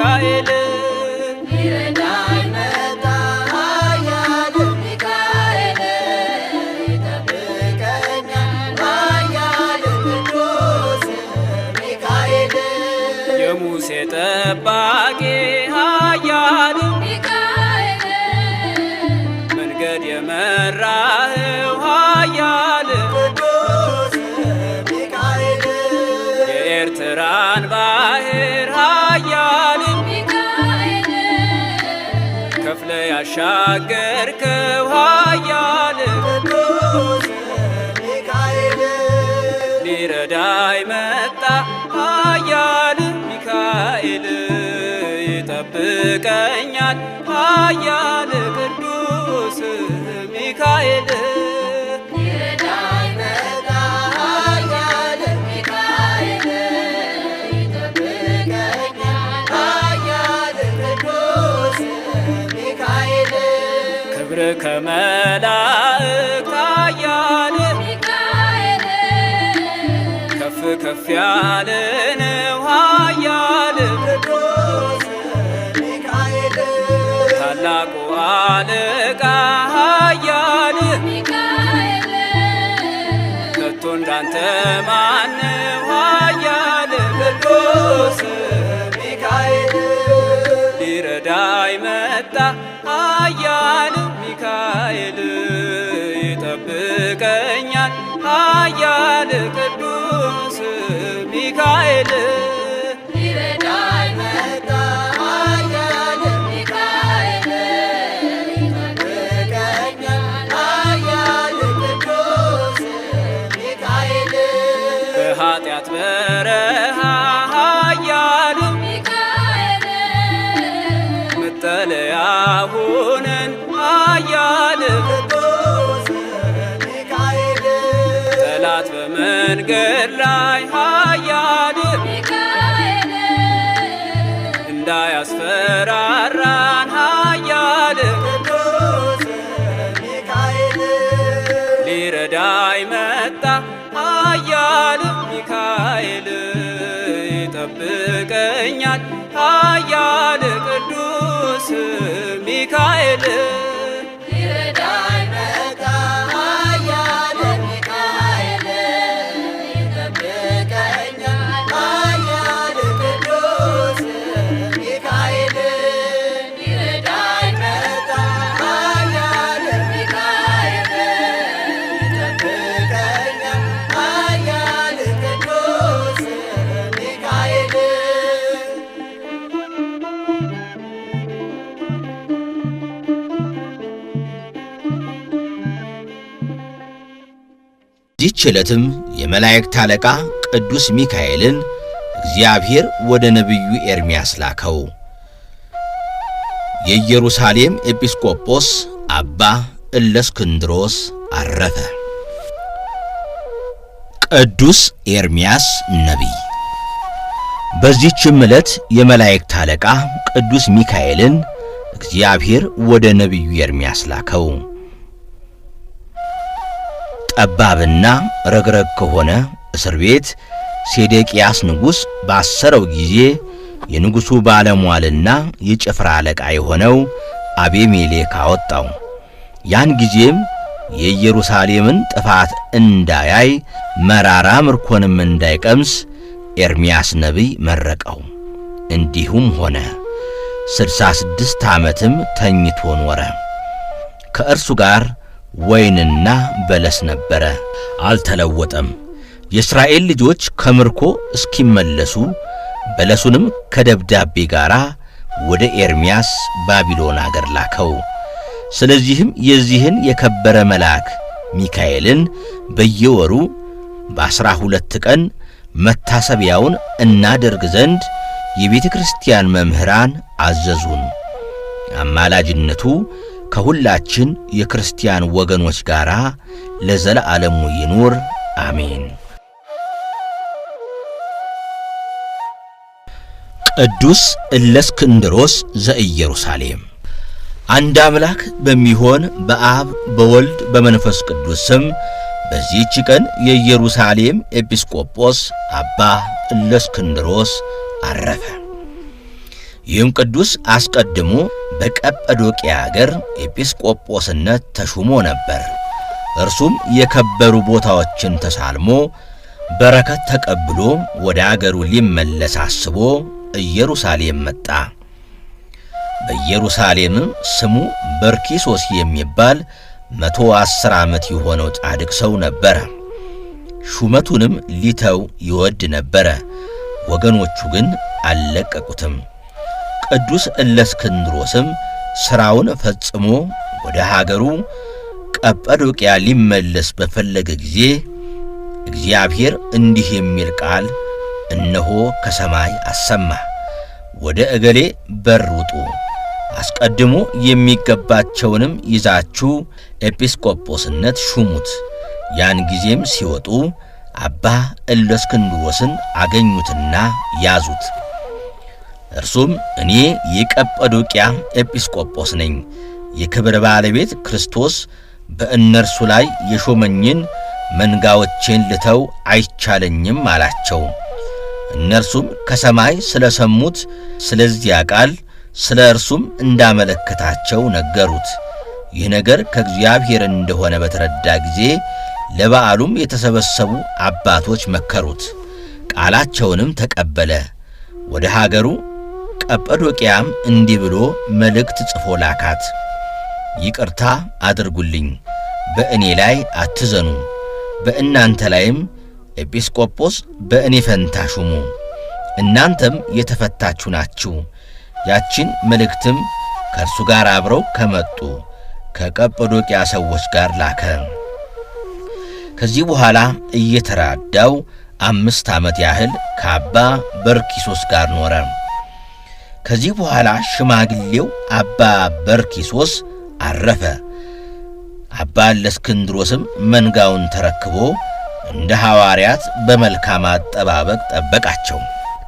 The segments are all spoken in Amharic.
ሚካኤል ይረዳኝ የሙሴ ጠባቂ ኃያሉ ሚካኤል መንገድ የመራ ተሻገርከው ኃያል ሚካኤል ሊረዳይ መጣ ኃያል ሚካኤል ይጠብቀኛል ኃያል ክብር ከመላእክት አያል ሚካኤል ከፍ ከፍ ያለ ነው ኃያል ታላቁ አለቃ ኃያል ከቶ እንዳንተ ማን ኃያል ቅዱስ ሚካኤል ይጠብቀኛል ሀያል ኃያል ሚካኤል ጠላት በመንገድ ላይ ኃያል እንዳያስፈራራን ኃያል ሚካኤል ሊረዳይ መጣ ኃያል ሚካኤል ይጠብቀኛል ኃያል ቅዱስ ሚካኤል በዚህች ዕለትም የመላእክት አለቃ ቅዱስ ሚካኤልን እግዚአብሔር ወደ ነቢዩ ኤርምያስ ላከው። የኢየሩሳሌም ኤጲስቆጶስ አባ እለስክንድሮስ አረፈ። ቅዱስ ኤርምያስ ነቢይ። በዚህችም ዕለት የመላእክት አለቃ ቅዱስ ሚካኤልን እግዚአብሔር ወደ ነቢዩ ኤርምያስ ላከው። ጠባብና ረግረግ ከሆነ እስር ቤት ሴዴቅያስ ንጉሥ ባሰረው ጊዜ የንጉሡ ባለሟልና የጭፍራ አለቃ የሆነው አቤሜሌክ አወጣው። ያን ጊዜም የኢየሩሳሌምን ጥፋት እንዳያይ መራራ ምርኮንም እንዳይቀምስ ኤርምያስ ነቢይ መረቀው። እንዲሁም ሆነ። ስድሳ ስድስት ዓመትም ተኝቶ ኖረ። ከእርሱ ጋር ወይንና በለስ ነበረ። አልተለወጠም። የእስራኤል ልጆች ከምርኮ እስኪመለሱ በለሱንም ከደብዳቤ ጋር ወደ ኤርምያስ ባቢሎን አገር ላከው። ስለዚህም የዚህን የከበረ መልአክ ሚካኤልን በየወሩ በዐሥራ ሁለት ቀን መታሰቢያውን እናደርግ ዘንድ የቤተ ክርስቲያን መምህራን አዘዙን። አማላጅነቱ ከሁላችን የክርስቲያን ወገኖች ጋር ለዘለዓለሙ ይኑር፣ አሜን። ቅዱስ እለእስክንድሮስ ዘኢየሩሳሌም። አንድ አምላክ በሚሆን በአብ በወልድ በመንፈስ ቅዱስ ስም በዚህች ቀን የኢየሩሳሌም ኤጲስቆጶስ አባ እለእስክንድሮስ አረፈ። ይህም ቅዱስ አስቀድሞ በቀጰዶቅያ አገር ኤጲስቆጶስነት ተሹሞ ነበር። እርሱም የከበሩ ቦታዎችን ተሳልሞ በረከት ተቀብሎ ወደ አገሩ ሊመለስ አስቦ ኢየሩሳሌም መጣ። በኢየሩሳሌምም ስሙ በርኪሶስ የሚባል መቶ አሥር ዓመት የሆነው ጻድቅ ሰው ነበረ። ሹመቱንም ሊተው ይወድ ነበረ። ወገኖቹ ግን አልለቀቁትም። ቅዱስ እለእስክንድሮስም ሥራውን ፈጽሞ ወደ ሀገሩ ቀጰዶቅያ ሊመለስ በፈለገ ጊዜ እግዚአብሔር እንዲህ የሚል ቃል እነሆ ከሰማይ አሰማ። ወደ እገሌ በር ውጡ፣ አስቀድሞ የሚገባቸውንም ይዛችሁ ኤጲስቆጶስነት ሹሙት። ያን ጊዜም ሲወጡ አባ እለእስክንድሮስን አገኙትና ያዙት። እርሱም እኔ የቀጰዶቅያ ኤጲስቆጶስ ነኝ፣ የክብር ባለቤት ክርስቶስ በእነርሱ ላይ የሾመኝን መንጋዎቼን ልተው አይቻለኝም አላቸው። እነርሱም ከሰማይ ስለ ሰሙት ስለዚያ ቃል ስለ እርሱም እንዳመለከታቸው ነገሩት። ይህ ነገር ከእግዚአብሔር እንደሆነ በተረዳ ጊዜ ለበዓሉም የተሰበሰቡ አባቶች መከሩት፣ ቃላቸውንም ተቀበለ። ወደ ሀገሩ ቀጰዶቅያም እንዲህ ብሎ መልእክት ጽፎ ላካት። ይቅርታ አድርጉልኝ፣ በእኔ ላይ አትዘኑ፣ በእናንተ ላይም ኤጲስቆጶስ በእኔ ፈንታ ሹሙ። እናንተም የተፈታችሁ ናችሁ። ያችን መልእክትም ከእርሱ ጋር አብረው ከመጡ ከቀጰዶቅያ ሰዎች ጋር ላከ። ከዚህ በኋላ እየተራዳው አምስት ዓመት ያህል ከአባ በርኪሶስ ጋር ኖረ። ከዚህ በኋላ ሽማግሌው አባ በርኪሶስ አረፈ። አባ ለእስክንድሮስም መንጋውን ተረክቦ እንደ ሐዋርያት በመልካም አጠባበቅ ጠበቃቸው።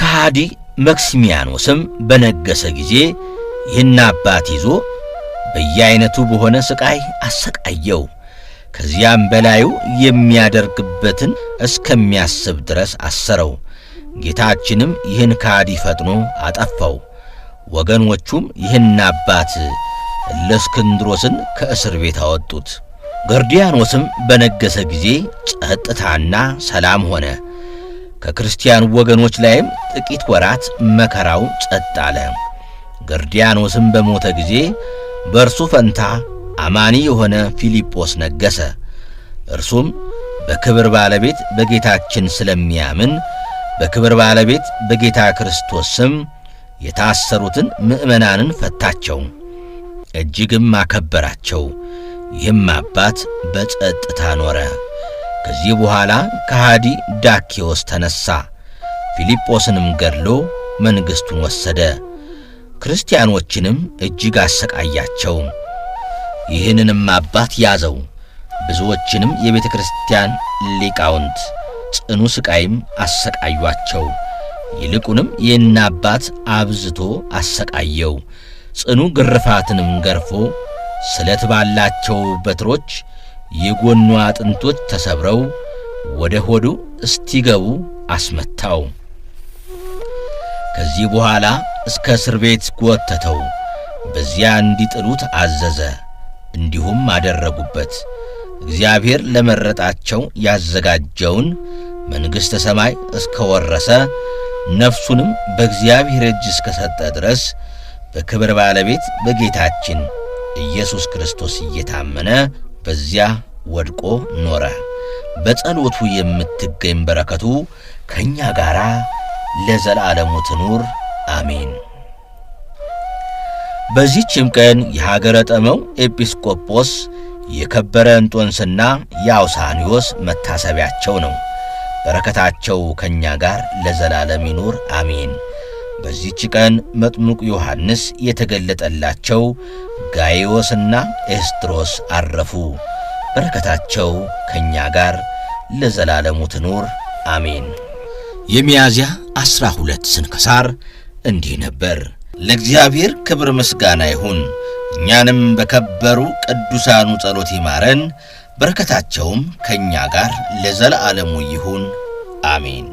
ከሃዲ መክሲሚያኖስም በነገሰ ጊዜ ይህን አባት ይዞ በየአይነቱ በሆነ ሥቃይ አሰቃየው። ከዚያም በላዩ የሚያደርግበትን እስከሚያስብ ድረስ አሰረው። ጌታችንም ይህን ከሃዲ ፈጥኖ አጠፋው። ወገኖቹም ይህን አባት እለእስክንድሮስን ከእስር ቤት አወጡት። ገርዲያኖስም በነገሰ ጊዜ ጸጥታና ሰላም ሆነ። ከክርስቲያን ወገኖች ላይም ጥቂት ወራት መከራው ጸጥ አለ። ገርዲያኖስም በሞተ ጊዜ በእርሱ ፈንታ አማኒ የሆነ ፊልጶስ ነገሰ እርሱም በክብር ባለቤት በጌታችን ስለሚያምን በክብር ባለቤት በጌታ ክርስቶስ ስም የታሰሩትን ምዕመናንን ፈታቸው፣ እጅግም አከበራቸው። ይህም አባት በጸጥታ ኖረ። ከዚህ በኋላ ከሃዲ ዳኪዎስ ተነሣ፣ ፊልጶስንም ገድሎ መንግሥቱን ወሰደ። ክርስቲያኖችንም እጅግ አሰቃያቸው። ይህንንም አባት ያዘው። ብዙዎችንም የቤተ ክርስቲያን ሊቃውንት ጽኑ ሥቃይም አሰቃዩአቸው። ይልቁንም ይህን አባት አብዝቶ አሰቃየው። ጽኑ ግርፋትንም ገርፎ ስለት ባላቸው በትሮች የጎኗ አጥንቶች ተሰብረው ወደ ሆዱ እስቲገቡ አስመታው። ከዚህ በኋላ እስከ እስር ቤት ጎተተው፣ በዚያ እንዲጥሉት አዘዘ። እንዲሁም አደረጉበት። እግዚአብሔር ለመረጣቸው ያዘጋጀውን መንግሥተ ሰማይ እስከ ወረሰ ነፍሱንም በእግዚአብሔር እጅ እስከሰጠ ድረስ በክብር ባለቤት በጌታችን ኢየሱስ ክርስቶስ እየታመነ በዚያ ወድቆ ኖረ። በጸሎቱ የምትገኝ በረከቱ ከእኛ ጋር ለዘላለሙ ትኑር፣ አሜን። በዚህችም ቀን የሀገረ ጠመው ኤጲስቆጶስ የከበረ እንጦንስና የአውሳኒዮስ መታሰቢያቸው ነው። በረከታቸው ከእኛ ጋር ለዘላለም ይኑር አሜን። በዚህች ቀን መጥምቁ ዮሐንስ የተገለጠላቸው ጋይዮስና ኤስድሮስ አረፉ። በረከታቸው ከእኛ ጋር ለዘላለሙ ትኑር አሜን። የሚያዝያ ዐሥራ ሁለት ስንክሳር እንዲህ ነበር። ለእግዚአብሔር ክብር ምስጋና ይሁን፣ እኛንም በከበሩ ቅዱሳኑ ጸሎት ይማረን በረከታቸውም ከእኛ ጋር ለዘላለሙ ይሁን አሜን።